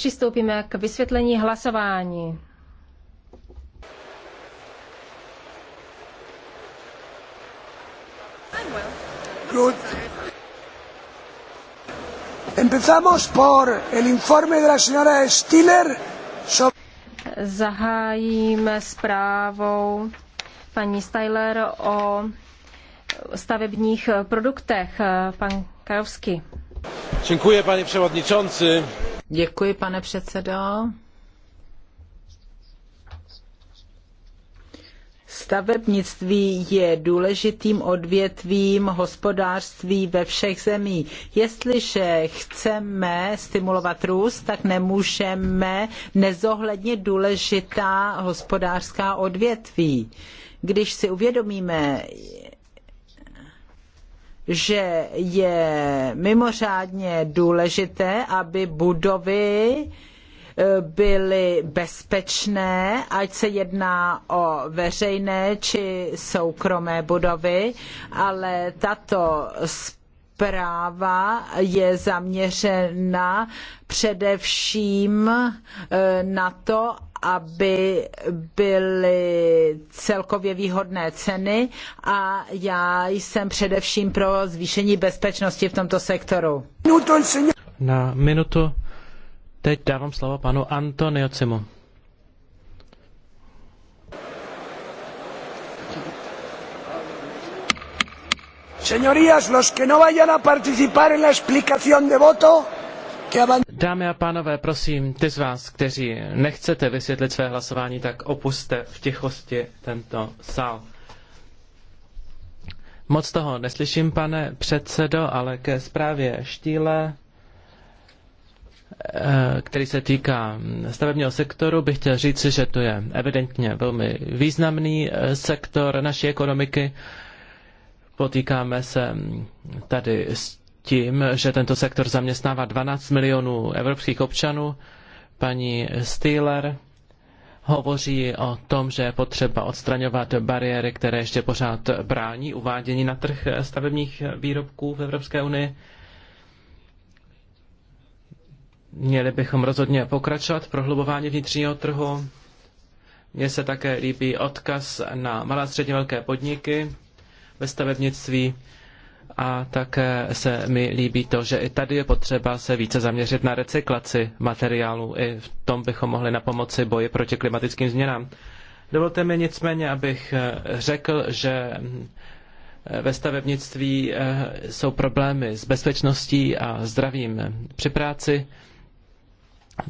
Přistoupíme k vysvětlení hlasování. Good. Empezamos por el informe de la señora Stiller Zahájíme zprávou paní Styler o stavebních produktech. Pan Kajovský. Dziękuję, panie przewodniczący. Děkuji, pane předsedo. Stavebnictví je důležitým odvětvím hospodářství ve všech zemích. Jestliže chceme stimulovat růst, tak nemůžeme nezohlednit důležitá hospodářská odvětví. Když si uvědomíme, že je mimořádně důležité, aby budovy eh, byly bezpečné, ať se jedná o veřejné či soukromé budovy, ale tato zpráva je zaměřena především eh, na to, aby byly celkově výhodné ceny a já jsem především pro zvýšení bezpečnosti v tomto sektoru. Na minutu teď dávám slovo panu Antoniocimu. Señorías, los que no vayan a participar en la explicación de voto, Dámy a pánové, prosím, ty z vás, kteří nechcete vysvětlit své hlasování, tak opuste v tichosti tento sál. Moc toho neslyším, pane předsedo, ale ke zprávě Štíle, eh, který se týká stavebního sektoru, bych chtěl říci, že to je evidentně velmi významný eh, sektor naší ekonomiky. Potýkáme se tady s tím, že tento sektor zaměstnává 12 milionů evropských občanů. Paní Steeler hovoří o tom, že je potřeba odstraňovat bariéry, které ještě pořád brání uvádění na trh stavebních výrobků v Evropské unii. Měli bychom rozhodně pokračovat v prohlubování vnitřního trhu. Mně se také líbí odkaz na malé a středně velké podniky ve stavebnictví. A také se mi líbí to, že i tady je potřeba se více zaměřit na recyklaci materiálů. I v tom bychom mohli na pomoci boji proti klimatickým změnám. Dovolte mi nicméně, abych eh, řekl, že eh, ve stavebnictví eh, jsou problémy s bezpečností a zdravím při práci.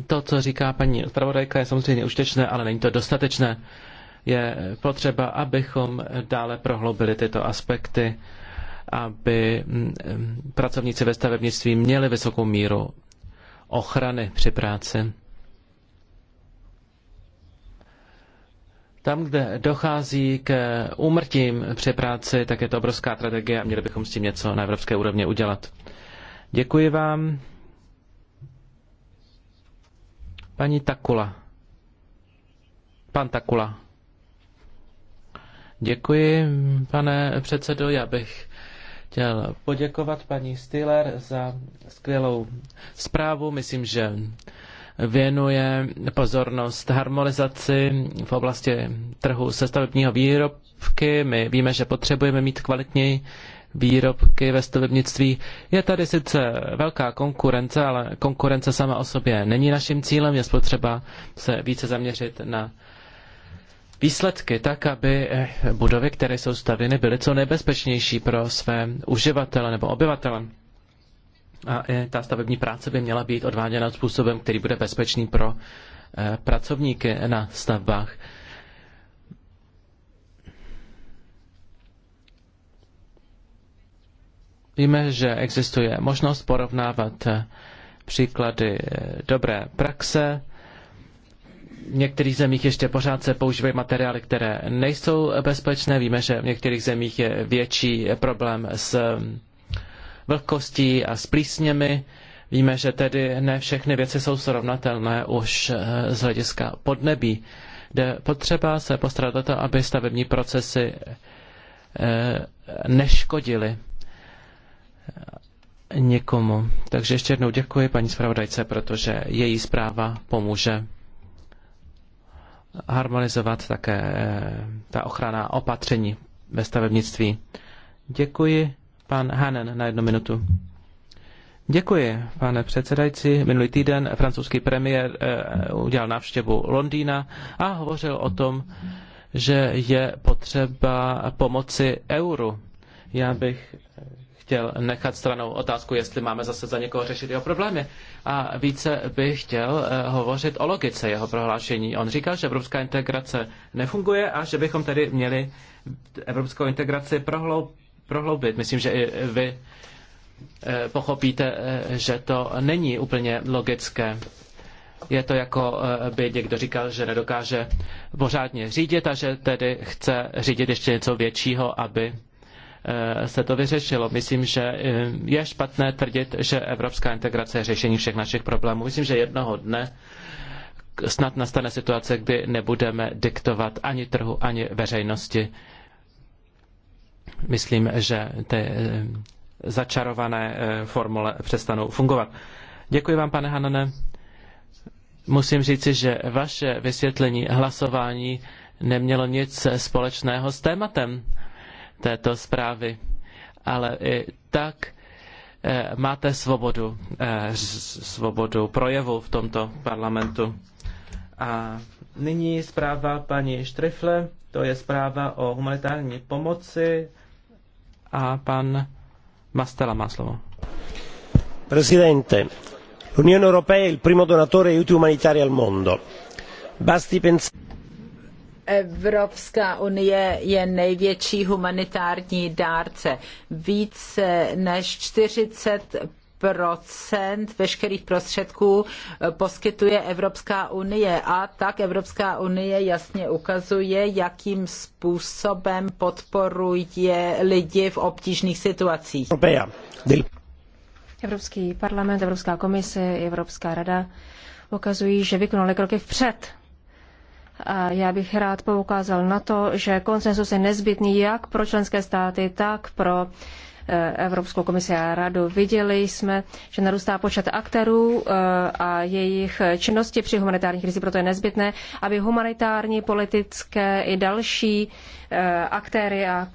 To, co říká paní zpravodajka, je samozřejmě užitečné, ale není to dostatečné. Je potřeba, abychom dále prohloubili tyto aspekty aby mm, pracovníci ve stavebnictví měli vysokou míru ochrany při práci. Tam, kde dochází k úmrtím při práci, tak je to obrovská strategie a měli bychom s tím něco na evropské úrovni udělat. Děkuji vám. Paní Takula. Pan Takula. Děkuji, pane předsedo. Já bych chtěl poděkovat paní Stiller za skvělou zprávu. Myslím, že věnuje pozornost harmonizaci v oblasti trhu se stavebního výrobky. My víme, že potřebujeme mít kvalitní výrobky ve stavebnictví. Je tady sice velká konkurence, ale konkurence sama o sobě není naším cílem. Je potřeba se více zaměřit na výsledky tak, aby eh, budovy, které jsou stavěny, byly co nejbezpečnější pro své uživatele nebo obyvatele. A i ta stavební práce by měla být odváděna způsobem, který bude bezpečný pro eh, pracovníky na stavbách. Víme, že existuje možnost porovnávat eh, příklady dobré praxe v některých zemích ještě pořád se používají materiály, které nejsou bezpečné. Víme, že v některých zemích je větší problém s vlhkostí a s plísněmi. Víme, že tedy ne všechny věci jsou srovnatelné už eh, z hlediska podnebí, kde potřeba se postarat o to, aby stavební procesy eh, neškodily nikomu. Takže ještě jednou děkuji paní zpravodajce, protože její zpráva pomůže harmonizovat také eh, ta ochrana opatření ve stavebnictví. Děkuji, pan Hanen, na jednu minutu. Děkuji, pane předsedající. Minulý týden francouzský premiér eh, udělal návštěvu Londýna a hovořil o tom, že je potřeba pomoci euru. Já bych chtěl nechat stranou otázku, jestli máme zase za někoho řešit jeho problémy. A více bych chtěl eh, hovořit o logice jeho prohlášení. On říkal, že evropská integrace nefunguje a že bychom tedy měli evropskou integraci prohloub, prohloubit. Myslím, že i vy eh, pochopíte, eh, že to není úplně logické. Je to jako by někdo říkal, že nedokáže pořádně řídit a že tedy chce řídit ještě něco většího, aby Eh, se to vyřešilo. Myslím, že eh, je špatné tvrdit, že evropská integrace je řešení všech našich problémů. Myslím, že jednoho dne snad nastane situace, kdy nebudeme diktovat ani trhu, ani veřejnosti. Myslím, že ty eh, začarované formule přestanou fungovat. Děkuji vám, pane Hanane. Musím říci, že vaše vysvětlení hlasování nemělo nic společného s tématem této zprávy, ale i tak eh, máte svobodu, eh, svobodu projevu v tomto parlamentu. A nyní zpráva paní Štrifle, to je zpráva o humanitární pomoci a pan Mastela má slovo. Prezidente, l'Unione Europea je il primo donatore aiuti umanitari al mondo. Basti pensare... Evropská unie je největší humanitární dárce. Více než 40 procent veškerých prostředků poskytuje Evropská unie a tak Evropská unie jasně ukazuje, jakým způsobem podporuje lidi v obtížných situacích. Evropský parlament, Evropská komise, Evropská rada ukazují, že vykonaly kroky vpřed já bych rád poukázal na to, že konsensus je nezbytný jak pro členské státy, tak pro e, Evropskou komisi a radu. Viděli jsme, že narůstá počet aktérů e, a jejich činnosti při humanitární krizi, proto je nezbytné, aby humanitární, politické i další e, aktéry a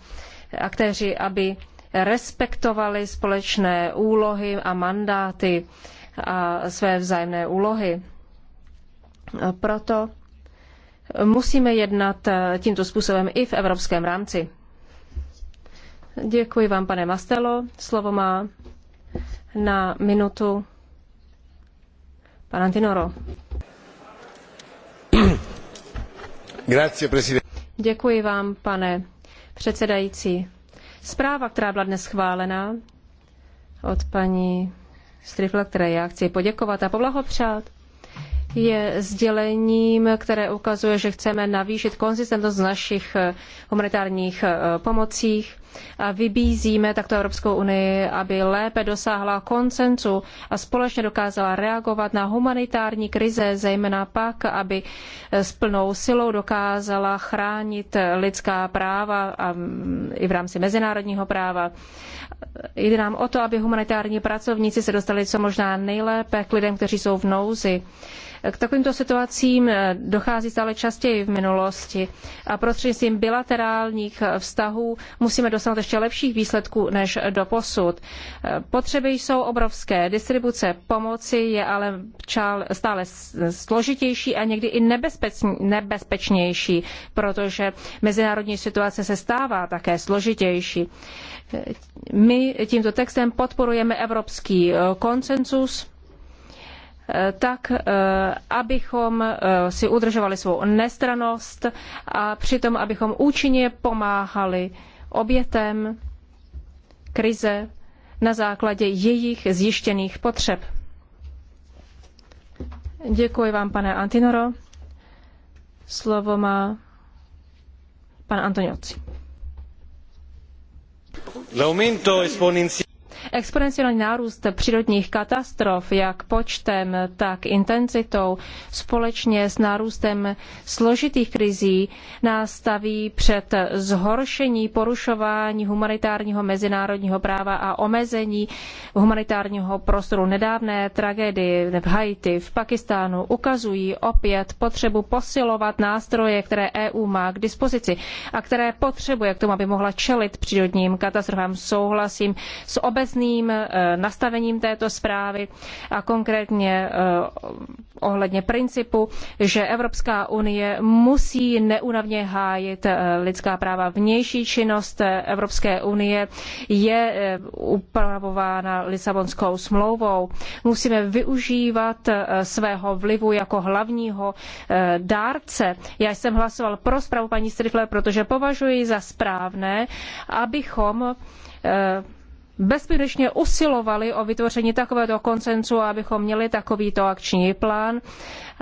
aktéři, aby respektovali společné úlohy a mandáty a své vzájemné úlohy. Proto musíme jednat eh, tímto způsobem i v evropském rámci. Děkuji vám, pane Mastelo. Slovo má na minutu pan Antinoro. Grazie, Děkuji vám, pane předsedající. Zpráva, která byla dnes schválena od paní Strifla, které já chci poděkovat a poblahopřát, je sdělením, které ukazuje, že chceme navýšit konzistentnost našich eh, humanitárních eh, pomocích a vybízíme takto Evropskou unii, aby lépe dosáhla koncensu a společně dokázala reagovat na humanitární krize, zejména pak, aby eh, s plnou silou dokázala chránit lidská práva a mm, i v rámci mezinárodního práva. Jde nám o to, aby humanitární pracovníci se dostali co možná nejlépe k lidem, kteří jsou v nouzi k takovýmto situacím eh, dochází stále častěji v minulosti a prostřednictvím bilaterálních eh, vztahů musíme dosáhnout ještě lepších výsledků než doposud. Eh, potřeby jsou obrovské. Distribuce pomoci je ale stále složitější a někdy i nebezpečnější, protože mezinárodní situace se stává také složitější. My tímto textem podporujeme evropský konsenzus tak, eh, abychom eh, si udržovali svou nestranost a přitom, abychom účinně pomáhali obětem krize na základě jejich zjištěných potřeb. Děkuji vám, pane Antinoro. Slovo má pan Antonioci. Exponenciální nárůst přírodních katastrof, jak počtem, tak intenzitou, společně s nárůstem složitých krizí, nás staví před zhoršení porušování humanitárního mezinárodního práva a omezení humanitárního prostoru. Nedávné tragédie v Haiti, v Pakistánu ukazují opět potřebu posilovat nástroje, které EU má k dispozici a které potřebuje k tomu, aby mohla čelit přírodním katastrofám. Souhlasím s obecným přesným eh, nastavením této zprávy a konkrétně eh, ohledně principu, že Evropská unie musí neúnavně hájit eh, lidská práva. Vnější činnost Evropské unie je upravována Lisabonskou smlouvou. Musíme využívat svého vlivu jako hlavního dárce. Já jsem hlasoval pro zprávu paní Strifler, protože považuji za správné, abychom bezpečně usilovali o vytvoření takového koncensu, abychom měli takovýto akční plán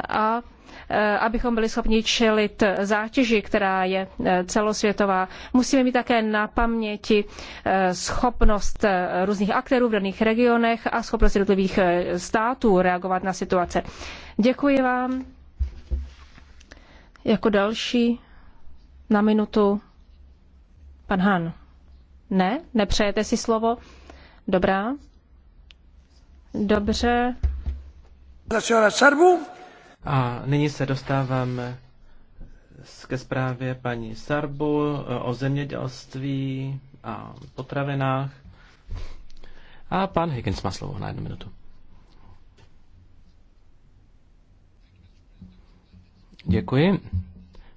a e, abychom byli schopni čelit zátěži, která je e, celosvětová. Musíme mít také na paměti e, schopnost různých aktérů v daných regionech a schopnost jednotlivých států reagovat na situace. Děkuji vám. Jako další na minutu pan Han. Ne? Nepřejete si slovo? Dobrá. Dobře. A nyní se dostáváme ke zprávě paní Sarbu eh, o zemědělství a potravinách. A pan Higgins má slovo na jednu minutu. Děkuji.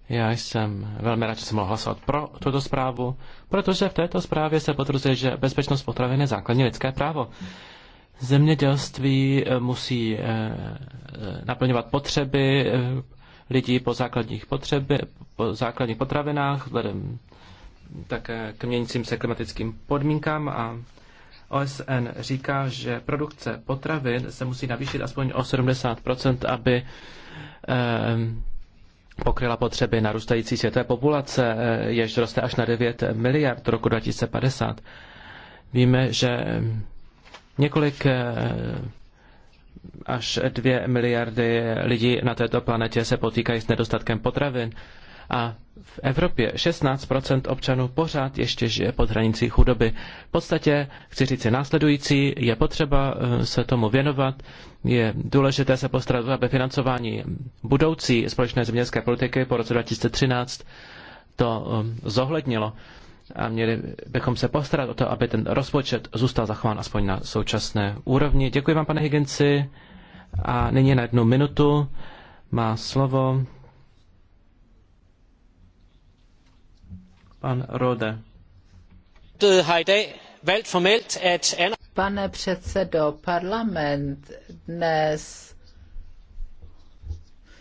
Já jsem velmi rád, že jsem mohl hlasovat pro tuto zprávu. Protože v této zprávě se potvrzuje, že bezpečnost potravin je základní lidské právo. Zemědělství eh, musí eh, eh, naplňovat potřeby lidí po základních, potřeby, po základních potravinách, vzhledem také k měnícím se klimatickým podmínkám a OSN říká, že produkce potravin se musí navýšit aspoň o 70%, aby pokryla potřeby narůstající světové populace, eh, jež roste až na 9 miliard roku 2050. Víme, že několik eh, až 2 miliardy lidí na této planetě se potýkají s nedostatkem potravin a v Evropě 16% občanů pořád ještě žije pod hranicí chudoby. V podstatě chci říct následující, je potřeba eh, se tomu věnovat, je důležité se postarat, aby financování budoucí společné zemědělské politiky po roce 2013 to eh, zohlednilo a měli bychom se postarat o to, aby ten rozpočet zůstal zachován aspoň na současné úrovni. Děkuji vám, pane Higginsi. A nyní na jednu minutu má slovo Pane předsedo, parlament dnes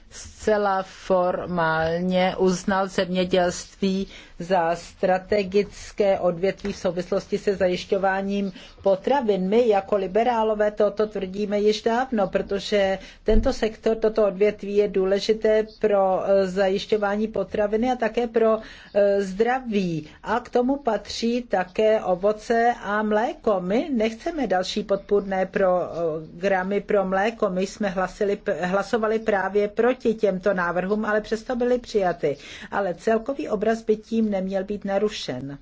zcela formálně uznal zemědělství za strategické odvětví v souvislosti se zajišťováním potravin. My jako liberálové toto tvrdíme již dávno, protože tento sektor, toto odvětví je důležité pro eh, zajišťování potraviny a také pro eh, zdraví. A k tomu patří také ovoce a mléko. My nechceme další podpůrné programy eh, pro mléko. My jsme hlasili, hlasovali právě proti těmto návrhům, ale přesto byly přijaty. Ale celkový obraz by tím zatím neměl být narušen.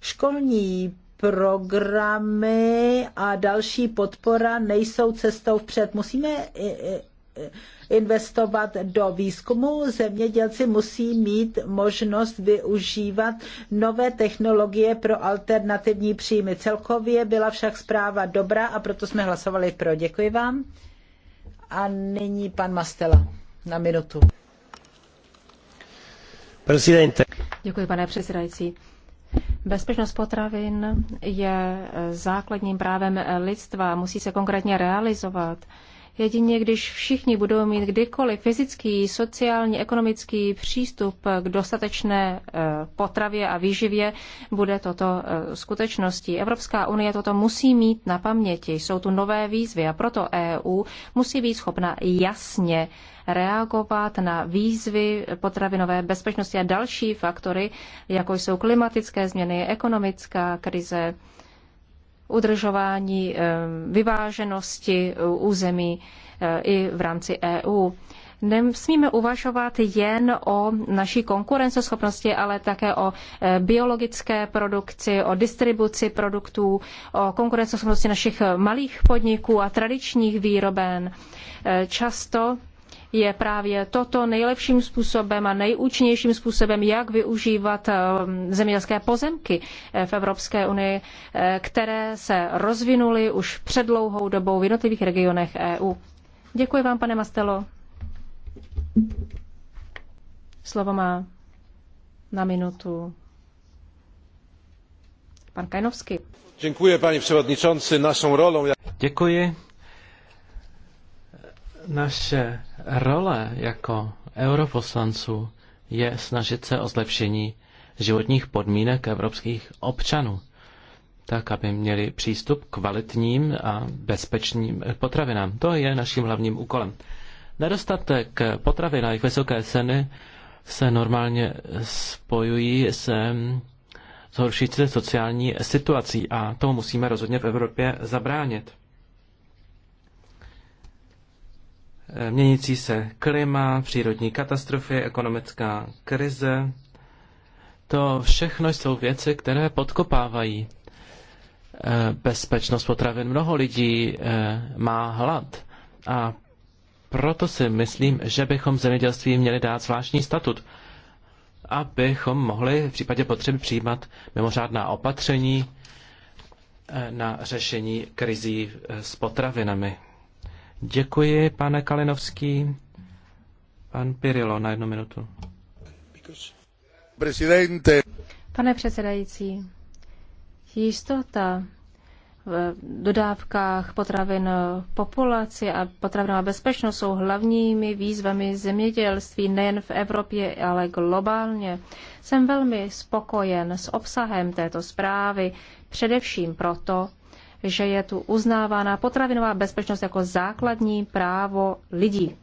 Školní programy a další podpora nejsou cestou vpřed. Musíme investovat do výzkumu. Zemědělci musí mít možnost využívat nové technologie pro alternativní příjmy. Celkově byla však zpráva dobrá a proto jsme hlasovali pro. Děkuji vám. A nyní pan Mastela na minutu. Děkuji, pane předsedající. Bezpečnost potravin je základním právem lidstva, musí se konkrétně realizovat. Jedině když všichni budou mít kdykoliv fyzický, sociální, ekonomický přístup k dostatečné eh, potravě a výživě, bude toto eh, skutečností. Evropská unie toto musí mít na paměti. Jsou tu nové výzvy a proto EU musí být schopna jasně reagovat na výzvy potravinové bezpečnosti a další faktory, jako jsou klimatické změny, ekonomická krize, udržování eh, vyváženosti eh, území eh, i v rámci EU. Nesmíme uvažovat jen o naší konkurenceschopnosti, ale také o biologické produkci, o distribuci produktů, o konkurenceschopnosti našich malých podniků a tradičních výroben. Často je právě toto nejlepším způsobem a nejúčinnějším způsobem, jak využívat um, zemědělské pozemky eh, v Evropské unii, eh, které se rozvinuly už před dlouhou dobou v jednotlivých regionech EU. Děkuji vám, pane Mastelo. Slovo má na minutu pan Kajnovský. Děkuji, paní předsedající. Děkuji, naše role jako europoslanců je snažit se o zlepšení životních podmínek evropských občanů, tak aby měli přístup k kvalitním a bezpečným potravinám. To je naším hlavním úkolem. Nedostatek potravin a jejich vysoké ceny se normálně spojují se zhoršující sociální situací a tomu musíme rozhodně v Evropě zabránit. Eh, měnící se klima, přírodní katastrofy, ekonomická krize. To všechno jsou věci, které podkopávají eh, bezpečnost potravin. Mnoho lidí eh, má hlad a proto si myslím, že bychom zemědělství měli dát zvláštní statut, abychom mohli v případě potřeby přijímat mimořádná opatření na řešení krizí s potravinami. Děkuji, pane Kalinovský. Pan Pirilo na jednu minutu. Presidente. Pane předsedající, jistota v dodávkách potravin populaci a potravinová bezpečnost jsou hlavními výzvami zemědělství nejen v Evropě, ale globálně. Jsem velmi spokojen s obsahem této zprávy, především proto, že je tu uznávána potravinová bezpečnost jako základní právo lidí.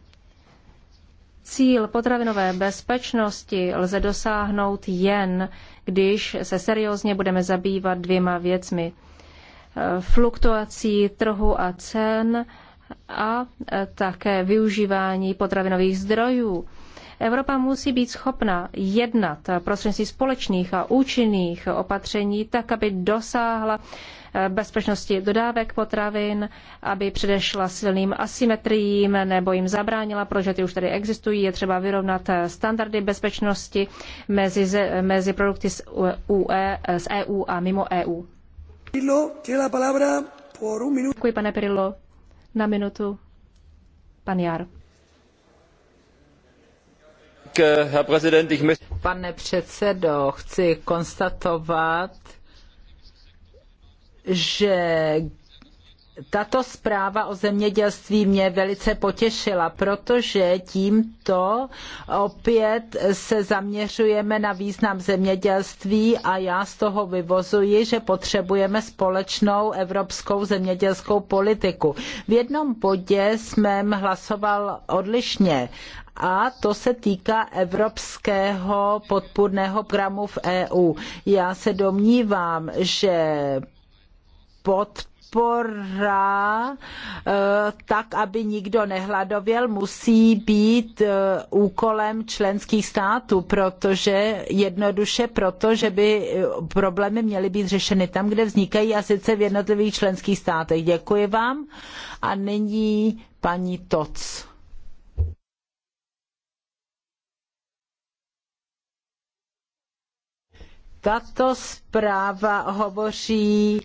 Cíl potravinové bezpečnosti lze dosáhnout jen, když se seriózně budeme zabývat dvěma věcmi. Fluktuací trhu a cen a také využívání potravinových zdrojů Evropa musí být schopna jednat prostřednictvím společných a účinných opatření tak, aby dosáhla eh, bezpečnosti dodávek potravin, aby předešla silným asymetriím nebo jim zabránila, protože ty už tady existují. Je třeba vyrovnat eh, standardy bezpečnosti mezi, mezi produkty z, UE, z EU a mimo EU. Děkuji, pane Pirilo. Na minutu. Pan Jar. Eh, Pane předsedo, chci konstatovat, že tato zpráva o zemědělství mě velice potěšila, protože tímto opět se zaměřujeme na význam zemědělství a já z toho vyvozuji, že potřebujeme společnou evropskou zemědělskou politiku. V jednom bodě jsme hlasoval odlišně a to se týká evropského podpůrného programu v EU. Já se domnívám, že pod podpora, eh, tak aby nikdo nehladověl, musí být eh, úkolem členských států, protože jednoduše proto, že by eh, problémy měly být řešeny tam, kde vznikají a sice v jednotlivých členských státech. Děkuji vám a nyní paní Toc. Tato zpráva hovoří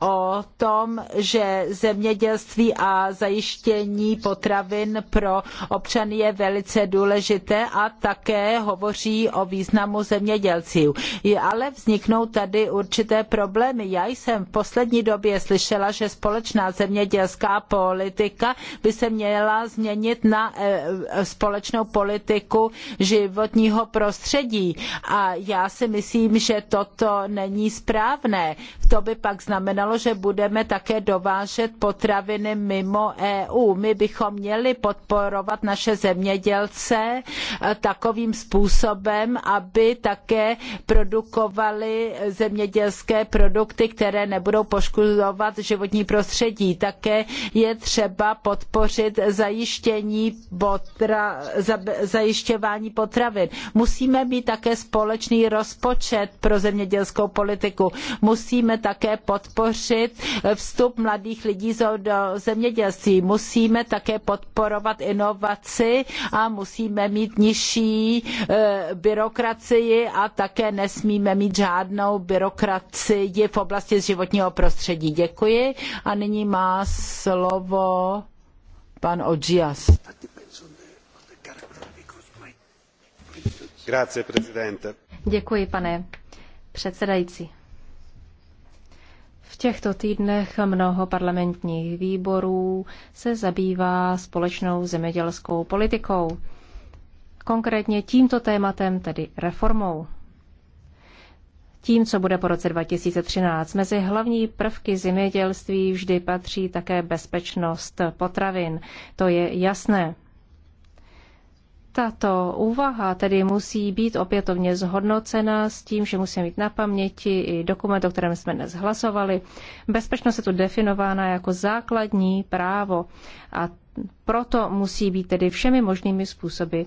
o tom, že zemědělství a zajištění potravin pro občany je velice důležité a také hovoří o významu zemědělců. Ale vzniknou tady určité problémy. Já jsem v poslední době slyšela, že společná zemědělská politika by se měla změnit na e, společnou politiku životního prostředí. A já si myslím, že toto není správné. To by pak znamenalo, znamenalo, že budeme také dovážet potraviny mimo EU. My bychom měli podporovat naše zemědělce eh, takovým způsobem, aby také produkovali zemědělské produkty, které nebudou poškozovat životní prostředí. Také je třeba podpořit zajištění potra, zajišťování potravin. Musíme mít také společný rozpočet pro zemědělskou politiku. Musíme také podpořit podpořit vstup mladých lidí do zemědělství. Musíme také podporovat inovaci a musíme mít nižší eh, byrokracii a také nesmíme mít žádnou byrokracii v oblasti životního prostředí. Děkuji a nyní má slovo pan Ogias. Děkuji, pane předsedající těchto týdnech mnoho parlamentních výborů se zabývá společnou zemědělskou politikou. Konkrétně tímto tématem, tedy reformou. Tím, co bude po roce 2013, mezi hlavní prvky zemědělství vždy patří také bezpečnost potravin. To je jasné. Tato úvaha tedy musí být opětovně zhodnocena s tím, že musíme mít na paměti i dokument, o kterém jsme dnes hlasovali. Bezpečnost je tu definována jako základní právo a proto musí být tedy všemi možnými způsoby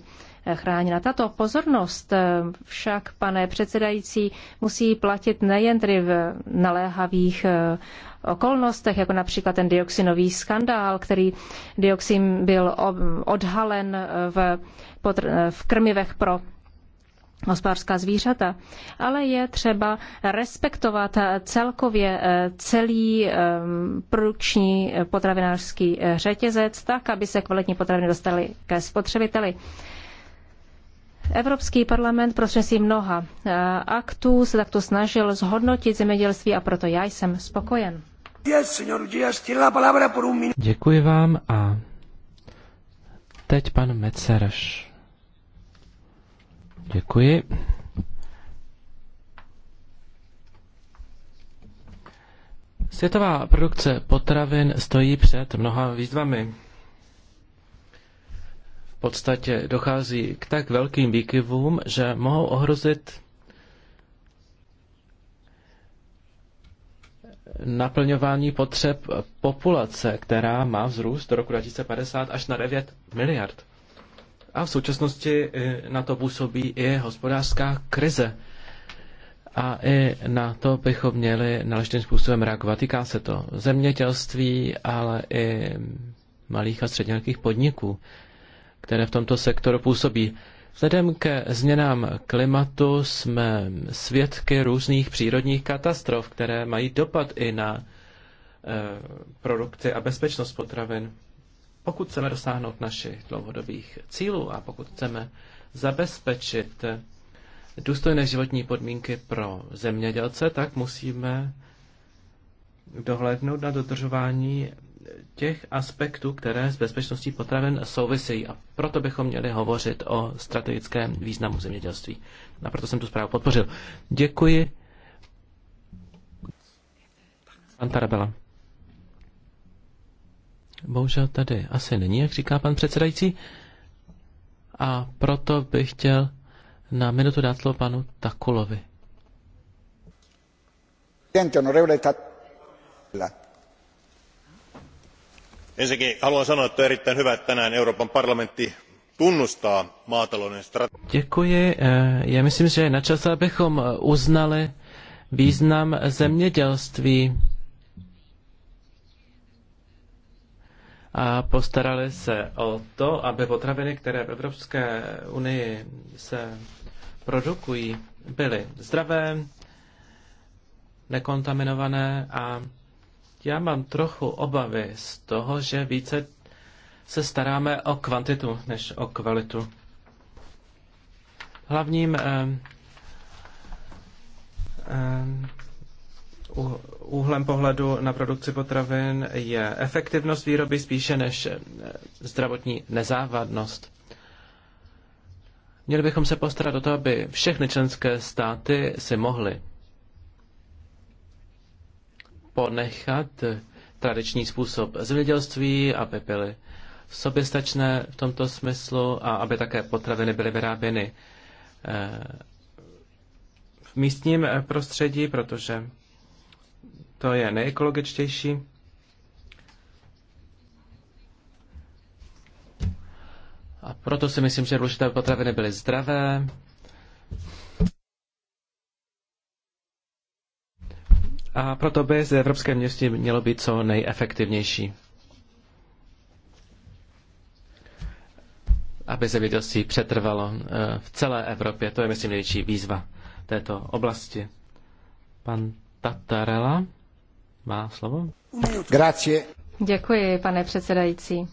chráněna. Tato pozornost eh, však, pane předsedající, musí platit nejen tedy v naléhavých eh, okolnostech, jako například ten dioxinový skandál, který dioxin byl odhalen eh, v, v krmivech pro hospodářská zvířata, ale je třeba respektovat celkově celý produkční potravinářský řetězec tak, aby se kvalitní potraviny dostaly ke spotřebiteli. Evropský parlament prostřednictvím mnoha eh, aktů se takto snažil zhodnotit zemědělství a proto já jsem spokojen. Děkuji vám a teď pan Mecereš. Děkuji. Světová produkce potravin stojí před mnoha výzvami podstatě dochází k tak velkým výkyvům, že mohou ohrozit naplňování potřeb populace, která má vzrůst do roku 2050 až na 9 miliard. A v současnosti eh, na to působí i hospodářská krize. A i na to bychom měli náležitým způsobem reagovat. Týká se to zemědělství, ale i malých a středních podniků které v tomto sektoru působí. Vzhledem ke změnám klimatu jsme svědky různých přírodních katastrof, které mají dopad i na eh, produkci a bezpečnost potravin. Pokud chceme dosáhnout našich dlouhodobých cílů a pokud chceme zabezpečit důstojné životní podmínky pro zemědělce, tak musíme dohlédnout na dodržování těch aspektů, které s bezpečností potravin souvisejí. A proto bychom měli hovořit o strategickém významu zemědělství. A proto jsem tu zprávu podpořil. Děkuji. Pan Tarabela. Bohužel tady asi není, jak říká pan předsedající. A proto bych chtěl na minutu dát slovo panu Takulovi. Presidente, ensinnäkin haluan sanoa että on erittäin hyvä että tänään euroopan parlamentti tunnustaa maatalouden strategii. Eh, já myslím, že je na čase, abychom uznali význam zemědělství a postarali se o to, aby potraviny, které v Evropské unii se produkují, byly zdravé, nekontaminované a já mám trochu obavy z toho, že více se staráme o kvantitu než o kvalitu. Hlavním eh, eh, úhlem pohledu na produkci potravin je efektivnost výroby spíše než zdravotní nezávadnost. Měli bychom se postarat o to, aby všechny členské státy si mohly ponechat tradiční způsob zemědělství, aby byly soběstačné v tomto smyslu a aby také potraviny byly vyráběny eh, v místním prostředí, protože to je nejekologičtější. A proto si myslím, že je důležité, aby potraviny byly zdravé, A proto by z Evropské městě mělo být co nejefektivnější. Aby zemědělství přetrvalo eh, v celé Evropě. To je, myslím, největší výzva této oblasti. Pan Tatarela má slovo. Grazie. Děkuji, pane předsedající.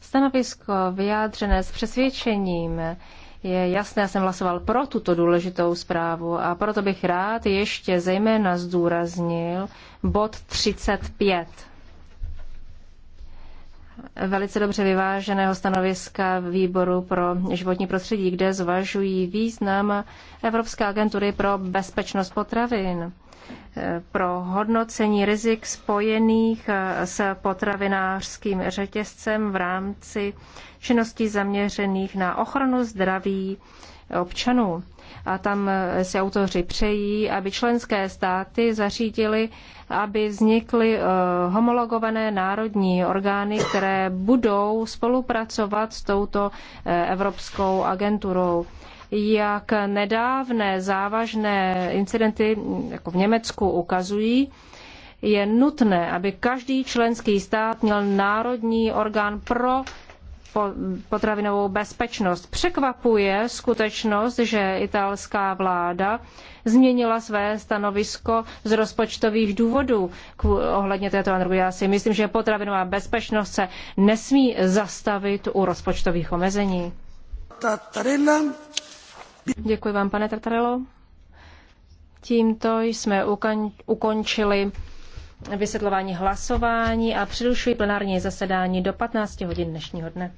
Stanovisko vyjádřené s přesvědčením, je jasné, já jsem hlasoval pro tuto důležitou zprávu a proto bych rád ještě zejména zdůraznil bod 35 velice dobře vyváženého stanoviska výboru pro životní prostředí, kde zvažují význam Evropské agentury pro bezpečnost potravin pro hodnocení rizik spojených eh, s potravinářským řetězcem v rámci činností zaměřených na ochranu zdraví občanů. A tam eh, si autoři přejí, aby členské státy zařídily, aby vznikly eh, homologované národní orgány, které budou spolupracovat s touto Evropskou agenturou jak nedávné závažné incidenty, jako v Německu, ukazují, je nutné, aby každý členský stát měl národní orgán pro potravinovou bezpečnost. Překvapuje skutečnost, že italská vláda změnila své stanovisko z rozpočtových důvodů ohledně této energie. Já si myslím, že potravinová bezpečnost se nesmí zastavit u rozpočtových omezení. Děkuji vám, pane Tartarello. Tímto jsme ukončili vysvětlování hlasování a přerušuji plenární zasedání do 15 hodin dnešního dne.